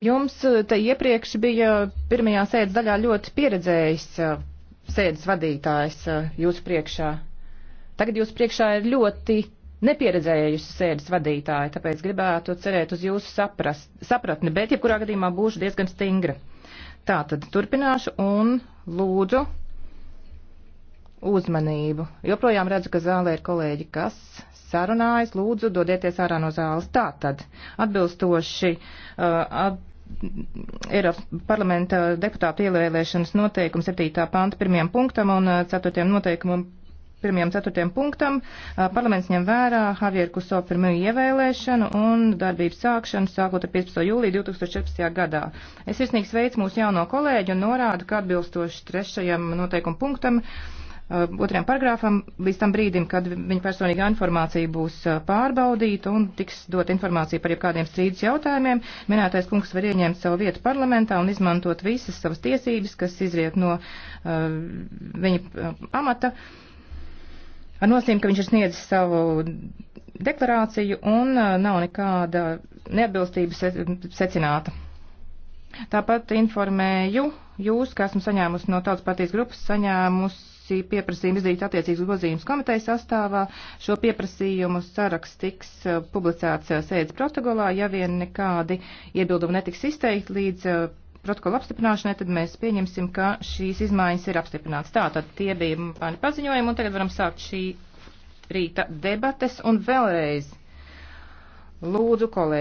Jums eh, te iepriekš bija pirmajā sēdes daļā ļoti pieredzējis eh, sēdes vadītājs eh, jūsu priekšā. Tagad jūsu priekšā ir ļoti nepieredzējusi sēdes vadītāja, tāpēc gribētu cerēt uz jūsu saprast, sapratni, bet jebkurā gadījumā būšu diezgan stingra. Tā tad turpināšu un lūdzu uzmanību. Joprojām redzu, ka zālē ir kolēģi, kas sarunājas, lūdzu dodieties ārā no zāles. Tā tad atbilstoši uh, at Eiropas parlamenta deputātu ievēlēšanas noteikumu 7. panta 1. punktam un 4. Eh, noteikumam 1. 4. punktam. Eh, parlaments ņem vērā Javieru Kuso pirmo ievēlēšanu un darbības sākšanu sākot ar 15. jūliju 2014. gadā. Es virsnīgi sveicu mūsu jauno kolēģi un norādu, ka atbilstoši 3. noteikumu punktam Uh, otriem paragrāfam līdz tam brīdim, kad viņa personīgā informācija būs uh, pārbaudīta un tiks dot informācija par jebkādiem strīdus jautājumiem. Minētais kungs var ieņemt savu vietu parlamentā un izmantot visas savas tiesības, kas izriet no uh, viņa uh, amata. Ar nosīm, ka viņš ir sniedzis savu deklarāciju un uh, nav nekāda neatbilstības secināta. Tāpat informēju jūs, ka esmu saņēmusi no tautas partijas grupas saņēmusi komisija pieprasījumu izdarīt attiecīgus grozījumus komitejas sastāvā. Šo pieprasījumu saraksts tiks uh, publicēts uh, sēdes protokolā, ja vien nekādi iebildumi netiks izteikti līdz uh, protokola apstiprināšanai, tad mēs pieņemsim, ka šīs izmaiņas ir apstiprināts. Tā, tad tie bija mani paziņojumi, un tagad varam sākt šī rīta debates, un vēlreiz lūdzu kolēģi.